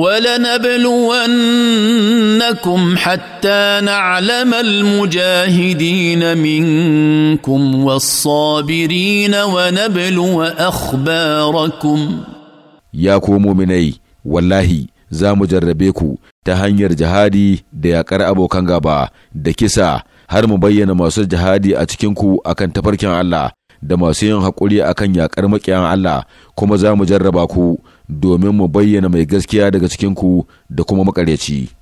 ولنبلونكم حتى نعلم المجاهدين منكم والصابرين ونبلو اخباركم يا كومو مني والله za mu jarrabe ku ta hanyar jihadi da yaƙar abokan gaba da kisa har mu bayyana masu jihadi a cikinku akan tafarkin Allah da masu yin haƙuri a kan yaƙar maƙiyan Allah kuma za mu jarraba ku domin mu bayyana mai gaskiya daga cikinku da kuma maƙaryaci.